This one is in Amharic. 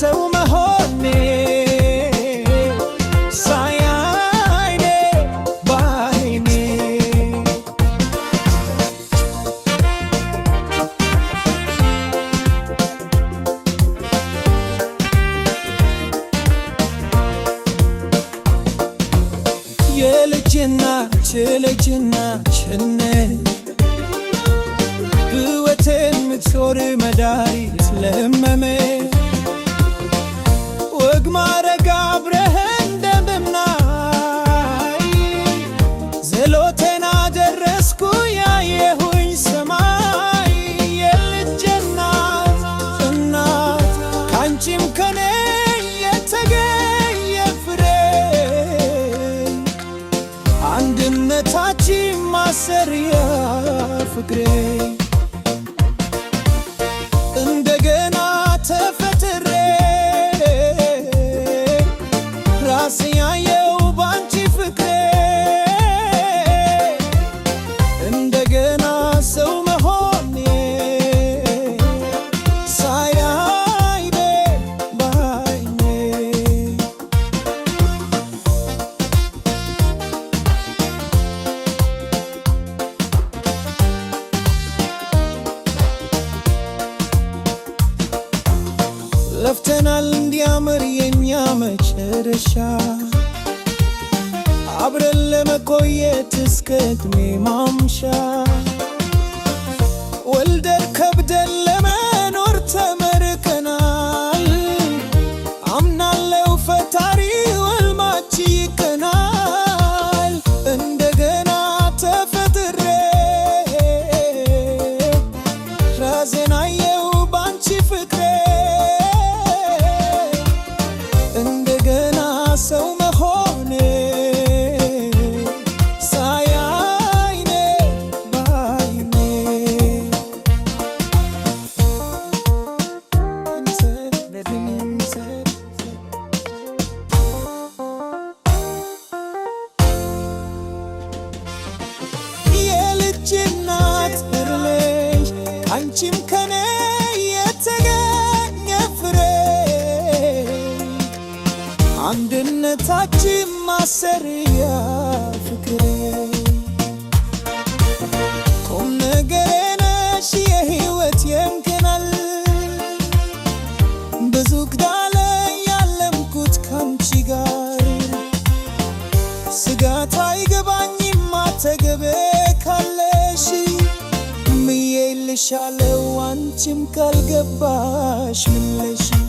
ሰው መሆኔ ሳያይኔ ባይኔ የልጅና ችልጅና ችነ ህይወቴን ምትኖር መዳሪት سريا فكري ሲያምር የኛ መጨረሻ አብረን ለመቆየት እስከ እድሜ ማምሻ ወልደን ከብደን ለመኖር ተመርቀናል። አምናለው ፈታሪ ወልማች ይቀናል። እንደገና ተፈጥሬ ራዜና ከአንቺም ከኔ የተገኘ ፍሬ አንድነታችን ማሰሪያ ፍቅሬ እልሻለው አንቺም ካልገባሽ ምለሽ